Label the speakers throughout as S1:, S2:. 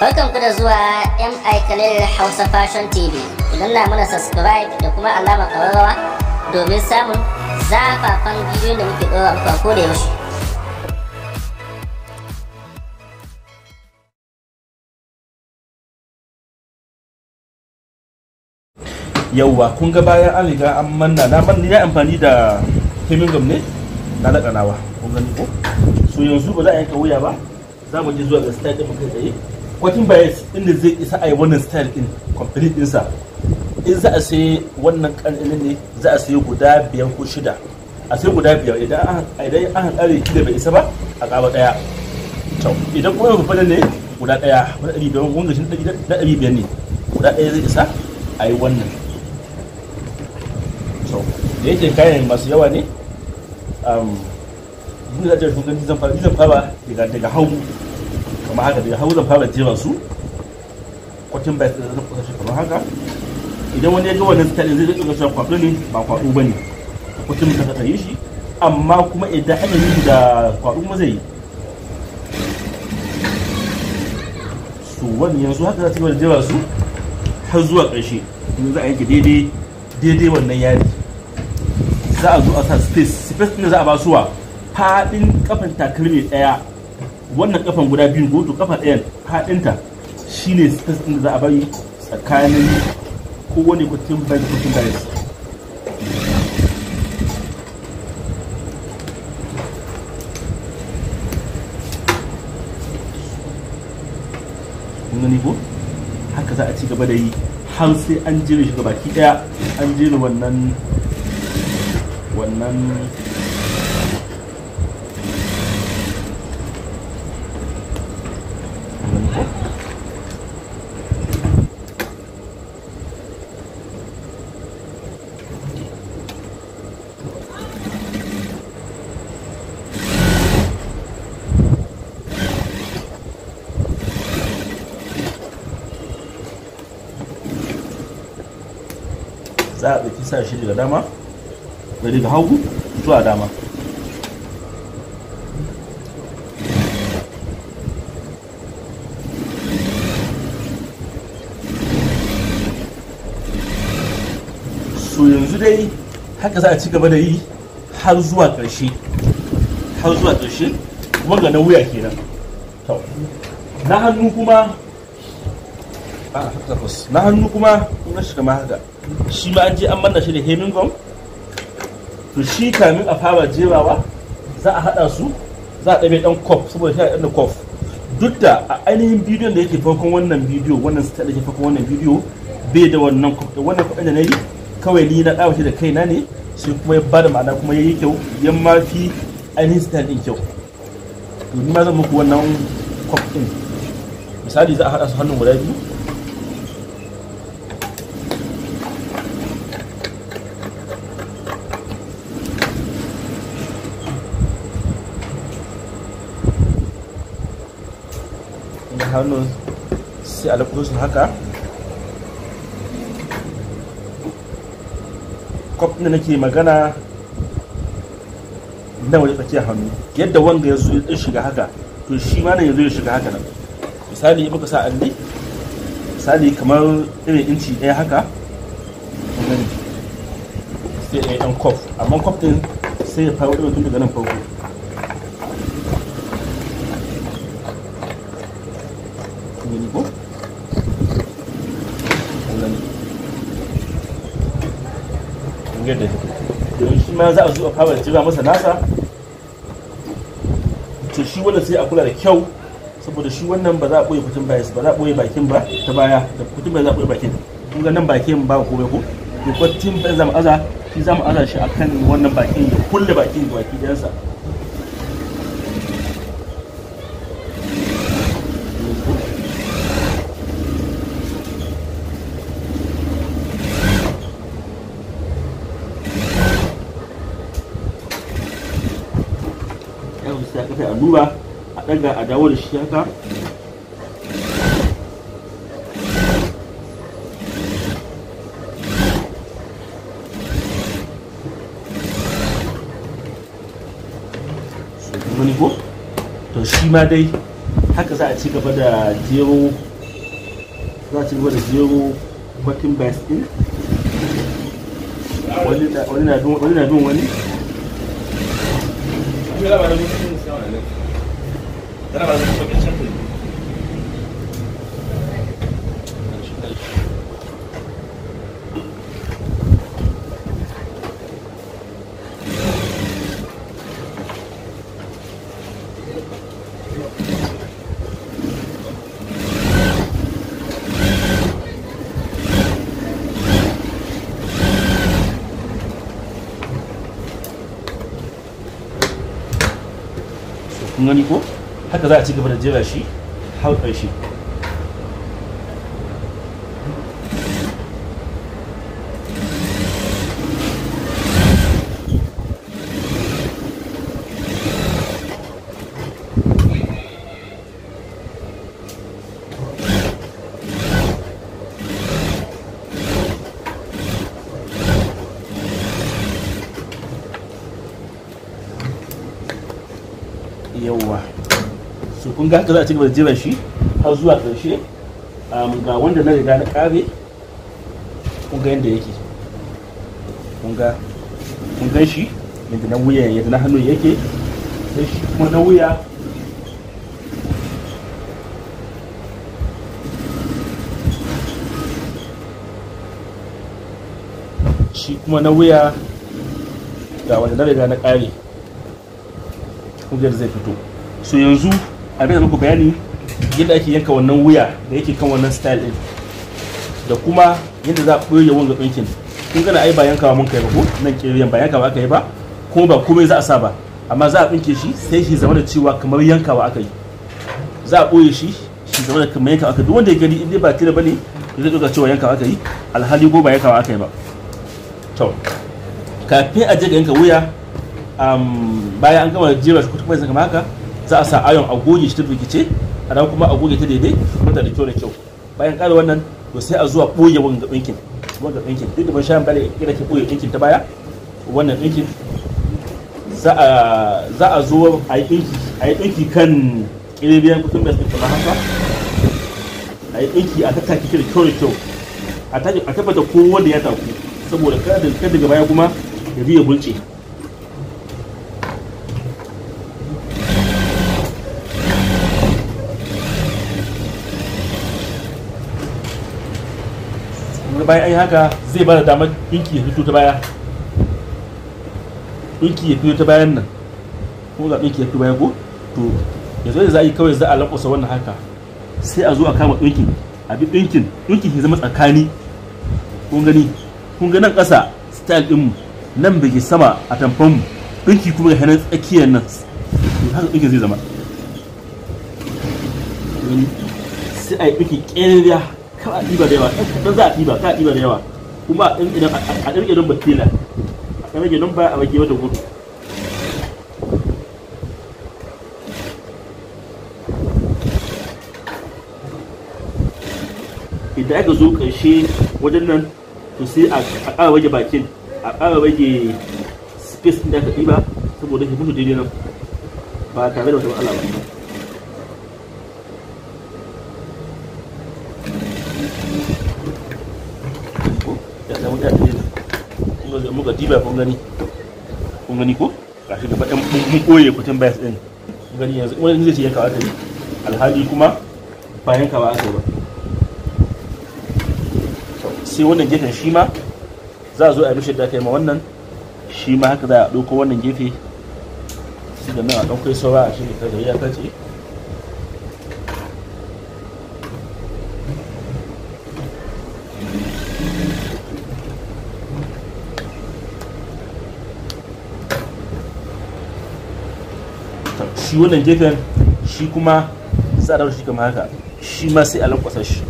S1: Barkan ku da zuwa MI Kalil Hausa Fashion TV. Idan na muna subscribe da kuma alamar ƙararrawa domin samun zafafan bidiyon da muke ɗora muku a koda yaushe. Yauwa kun ga bayan an riga an manna na manna ya amfani da Hemingway ne na kanawa kun gani ko? So yanzu ba za a yanka wuya ba za mu je zuwa ga style da mu kai tsaye. kwatin bias inda zai isa a yi wannan style din complete in za a sai wannan ƙarƙarin ne za a sai guda biyan ko shida a sai guda biyar idan an ƙare ki da bai isa ba a kaba daya to idan kuma babban ne guda daya wani ɗari biyar wanda shi na ɗari biyar ne guda ɗaya zai isa a yi wannan to da yake kayan masu yawa ne um, da daga hagu kamar haka dai hau zan fara jera su kwatin bai tsaye da kusa kamar haka idan wani ya ga wannan style zai rika cewa kwaɗo ne ba kwaɗo ba ne kwatin da ka yi shi amma kuma idan an yi da kwaɗo ma zai yi su wani yanzu haka za ta yi jera su har zuwa ƙarshe yanzu za a yanke daidai daidai wannan yari za a zo a sa space space ne za a ba suwa faɗin kafin takalmi ɗaya wannan kafan guda biyu ko to kafa ɗayan haɗinta shine ne ɗin da za a bari tsakanin kowane kwatin bai da kwatin bai gani ko haka za a ci gaba da yi har sai an jere shi gaba ki daya an jere wannan wannan sa shi daga dama daga hagu zuwa dama so yanzu dai haka za a ci gaba da yi har zuwa ƙarshe har zuwa ƙarshe kuma na wuya kenan na hannu kuma na hannu kuma na shiga ma shi ma an je an manna shi da hemingon to shi kamin a fara jerawa za a haɗa su za a ɗabe ɗan kof saboda shi a ɗan kof duk da a ainihin bidiyon da yake farkon wannan bidiyo wannan sita da ke farkon wannan bidiyo bai da wannan kof da wannan kuɗin da na yi kawai ni na ɗawace da kaina ne sai kuma ya bada ma'ana kuma ya yi kyau ya ma fi ainihin sita ɗin kyau to ni ma zan muku wannan kof ɗin misali za a haɗa su hannun guda biyu hannu sai a lafi su haka kwaf ɗin nake magana nan waje tsakiyar hannu yadda wanga ya zo ya shiga haka to shi ma ya yanzu ya shiga haka nan misali ya muka sa alli misali kamar irin inci ɗaya haka sai yi ɗan kwaf amma kwaf ɗin sai ya faru irin tun daga nan farko gani ko da shi ma za a zo a fara masa nasa to shi wanda sai a kula da kyau saboda shi wannan ba za a ɓoye kutun baya ba za a ɓoye bakin ba ta baya da kutun baya za a ɓoye bakin kun ga nan bakin ba bai ko to kutun baya za mu aza shi za mu aza shi akan wannan bakin ya kulle bakin da baki ɗansa daga a dawo da shi haka wani ko to shi ma dai haka za a ci gaba da jero za a ci gaba da jero bakin bass din wani na dun wani 따라가는 거 괜찮고. 공간이고 هكا ضيعت قبل دير شيء حاول اي شيء يوه so kun ga haka za a ci gaba da jiran shi har zuwa ƙarshe um, ga wanda na riga na ƙare kun ga yadda yake kun ga kun gan shi yadda na wuya yadda na hannu yake sai shi kuma na wuya shi kuma na wuya ga wanda na riga na ƙare kuma zai fito so yanzu abin da muku bayani yadda ake yanka wannan wuya da yake kan wannan style din da kuma yadda za a ɓoye wanga ɗinkin kun gana ai ba yankawa mun kai ba ko nan ƙiriyan ba yankawa aka yi ba kuma ba komai za a sa ba amma za a ɗinke shi sai shi zama da cewa kamar yankawa aka yi za a ɓoye shi shi zama da kamar yankawa aka yi duk wanda ya gani in dai ba tira ba ne zai ɗauka cewa yankawa aka yi alhali ko ba yankawa aka yi ba to kafin a je ga yanka wuya bayan an gama jera shi kuma zai kamar haka za a sa ayon a goge shi ta rikice a nan kuma a goge ta daidai mutane da kyau da kyau bayan ƙara wannan to sai a zuwa ɓoye wanga ɗinkin wanga ɗinkin duk da ban sha bada kira ke ɓoye ɗinkin ta baya wannan ɗinkin za a zo a yi ɗinki kan ƙiribiyan kutun bes ɗin haka a yi ɗinki a ta kake da kyau da kyau a tabbata da ya taku saboda kada daga baya kuma ya biya bulce bayan an yi haka zai ba da damar dinki ya fito ta baya dinki ya fito ta bayan nan ko za dinki ya fito baya ko to yanzu da za a yi kawai za a lankwasa wannan haka sai a zo a kama dinkin a bi dinkin dinkin ya zama tsakani kun gani kun ga nan ƙasa style ɗinmu nan bege sama a mu dinki kuma ga hannun tsakiyar nan haka dinkin zai zama sai a yi dinki ƙerariya kar a ɗiba da yawa dan za a ɗiba kar ɗiba da yawa kuma a ɗan idan a ɗan idan batila a ɗan rage nan ba a rage wata gudu idan aka zo ƙarshe wajen nan to sai a ƙara rage bakin a ƙara rage space ɗin da aka ɗiba saboda shi mutu daidai nan ba tare da wata matsala ba ku diba kun gani kun gani ko gashi gaba ɗan mun ɓoye fitin bias ɗin gani yanzu zai ce aka yi alhali kuma ba aka ba sai wannan gefen shi ma za a zo a da aka ma wannan shi ma haka za a ɗauko wannan gefe sai da nan a ɗauko saura a shi ne ta da ya shi wannan gefen shi kuma za a shi kamar haka shi ma sai a lankwasa shi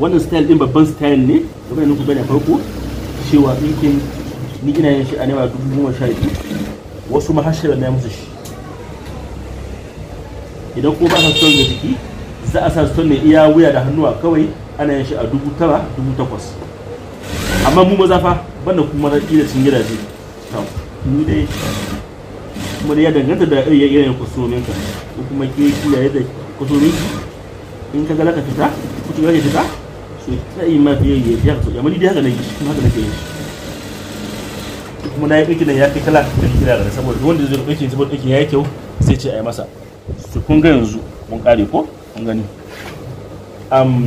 S1: wannan style din babban style ne kamar yanzu kuma da farko cewa ɗinkin ni ina yin shi a naira dubu goma sha biyu wasu ma har shirin na musu shi idan ko ba ka son ga jiki za a sa su ne iya wuya da hannuwa kawai ana yin shi a dubu tara dubu takwas amma mu maza fa banda kuma na kila sun gida zai ta mu dai kuma da ya danganta da irin yanayin kusurin ka ko kuma ke kila yadda kusurin in ka gala ka fita ko ki gala fita so ta yi ma fiye ya fiye so amma ni dai haka nake kuma haka nake kuma na yi ɗauki nan ya kai kala da kira da saboda wanda zai ɗauki saboda ɗauki ya yi kyau sai ce a yi masa su kun ga yanzu mun kare ko an gani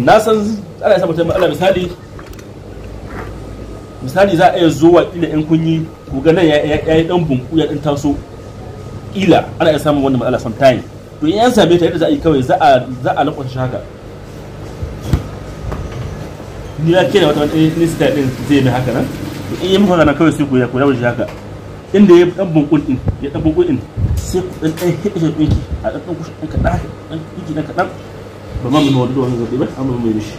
S1: na san ana ya samu taimaka ala misali misali za a iya zuwa ila yan kunyi ku ga nan ya yi dan bunku ya dan taso ila ana iya samun wannan matsala sometime to in yan same ta yadda za a yi kawai za a za a lokacin haka ni na kena wata wani nista din zai mai haka nan in yi mafi kawai sai ku ya ku ya wuce haka inda ya dan bunkun din ya dan bunkun din sai ku dan dan hita shi ɗinki a dan kushe ɗan kaɗan ɗan ɗinki ɗan kaɗan ba ma mu na wadda wani zaɓe ba amma mai mishi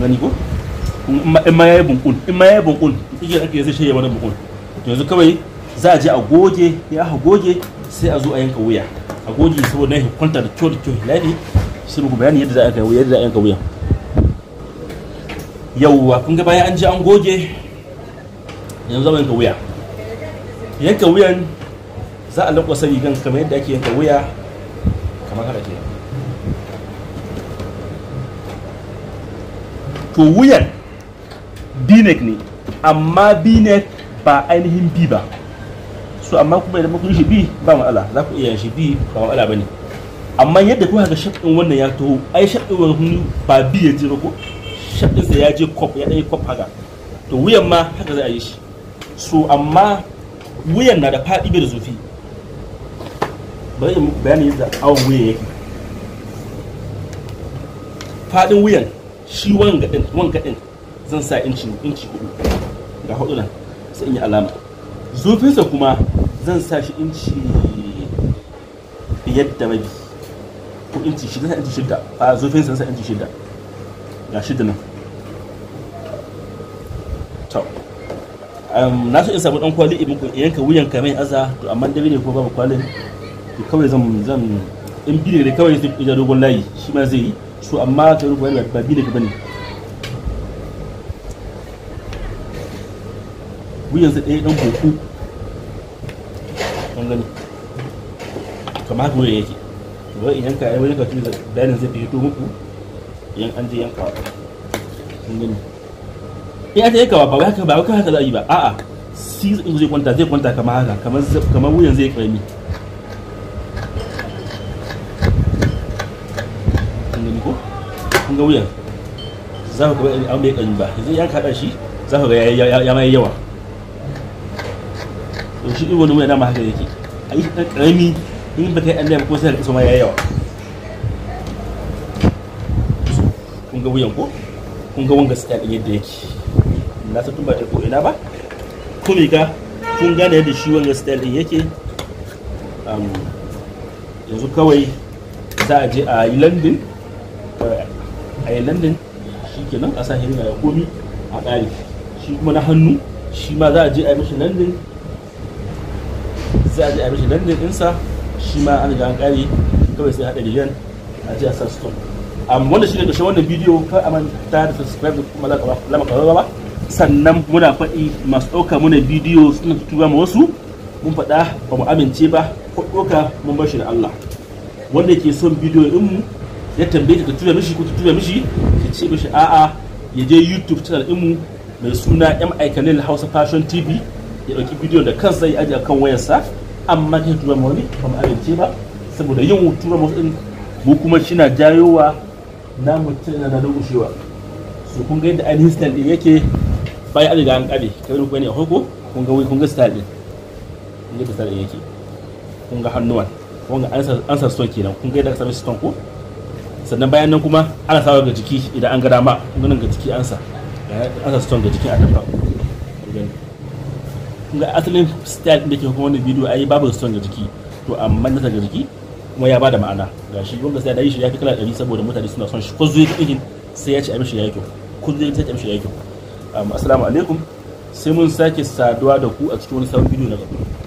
S1: gani ko in ma ya yi bunkun in ma ya yi bunkun ake zai shirya wani bunkun to yanzu kawai za a je a goge ya aka goge sai a zo a yanka wuya a goge saboda ya kwanta da kyau da kyau hilali sun rubu bayani yadda za a yanka yadda a yanka wuya yauwa kun ga bayan an je an goge yanzu za yanka wuya yanka wuyan za a lakwasa rigan kamar yadda ake yanka wuya kamar haka ke to wuyan binek ne amma binek ba ainihin bi ba su amma kuma idan kun shi bi ba mu ala za ku iya shi bi ba mu ala bane amma yadda kuka ga shaɗin wannan ya taho ai shaɗin wannan ba bi ya je ba ko shaɗin sa ya je kwaf ya dai kwaf haka to wuyan ma haka za a yi shi so amma wuyan na da faɗi bai da zufi zan in bayani yadda awon wuyan yake faɗin wuyan shi wanga ɗin wanga zan sa inci inci hudu ga hudu nan sai in yi alama zufinsa kuma zan sa shi inci biyar da mabi ko inci shida sa inci shida a zufinsa sa inci shida ga shida nan to na so in samu dan kwali ibin in yanka wuyan ka mai aza to amma da ne ko babu kwalin to kawai zan zan in bi ne kawai zai dogon layi shi ma zai yi so amma ka rubuta ba bi ne ka bane wuyansa ɗaya ɗan boku kan gani kamar haka wuyan yake wai idan ka yi ka tuza bayanin zai fito muku yan an je yanka kan gani in ta yanka ba haka ba haka haka za a yi ba a'a si in zai kwanta zai kwanta kamar haka kamar wuyan zai karami kan gani ko kun ga wuyan za ku ga an bai karami ba yanzu yanka haɗa shi za ku ga ya ma yawa to shi irin mai dama haka yake a yi karami in ba kai Allah ba ko sai ka ma yayi yawa kun ga wuyan ko kun ga wanga tsaya din yadda yake na san tun ba ko ina ba kun ga kun gane yadda shi wanga tsaya din yake yanzu kawai za a je a yi landin a yi landin shi kenan a sa hirina ya komi a ƙari shi kuma na hannu shi ma za a je a yi mashi landin sai a je a mishi landin dinsa shi ma an ga an kare kawai sai haɗa rigan a je a sa stop um, wanda shi ne ƙarshen wannan bidiyo ka a manta da subscribe da kuma lama ƙararra ba sannan muna faɗi masu ɗauka muna bidiyo suna tuba ma wasu mun faɗa ba mu amince ba ko ɗauka mun bar shi da Allah wanda ke son bidiyo mu ya tambaye ka tura mishi ko tura mishi ya ce mishi a'a ya je YouTube channel mu mai suna M Aikanil Hausa Fashion TV ya dauki bidiyon da kansa ya ajiye kan wayarsa amma kika tura ma wani ba mu amince ba saboda yin tura ma din mu kuma shina jayowa na mutum na da gushewa su kun ga yadda ainihin stand din yake bayan an da an kabe ka ku ne a hoko kun ga kun ga stand din yadda stand din yake kun ga hannuwan kun ga an sa stone kenan kun ga yadda aka sami stone ko sannan bayan nan kuma ana sawa ga jiki idan an ga dama kun ga nan ga jiki an sa an sa stone ga jiki a dabba ga asalin style da ke kuma wani bidiyo ayi babu son ga jiki to amma na daga jiki kuma ya bada ma'ana ga shi wanda sai da yi shi ya fi kala ɗari saboda mutane suna son shi ko zuwa ihin sai ya ci amshi shi ya yi kyau kullum sai ya ci abin shi ya kyau assalamu alaikum sai mun sake saduwa da ku a cikin wani sabon bidiyo na gaba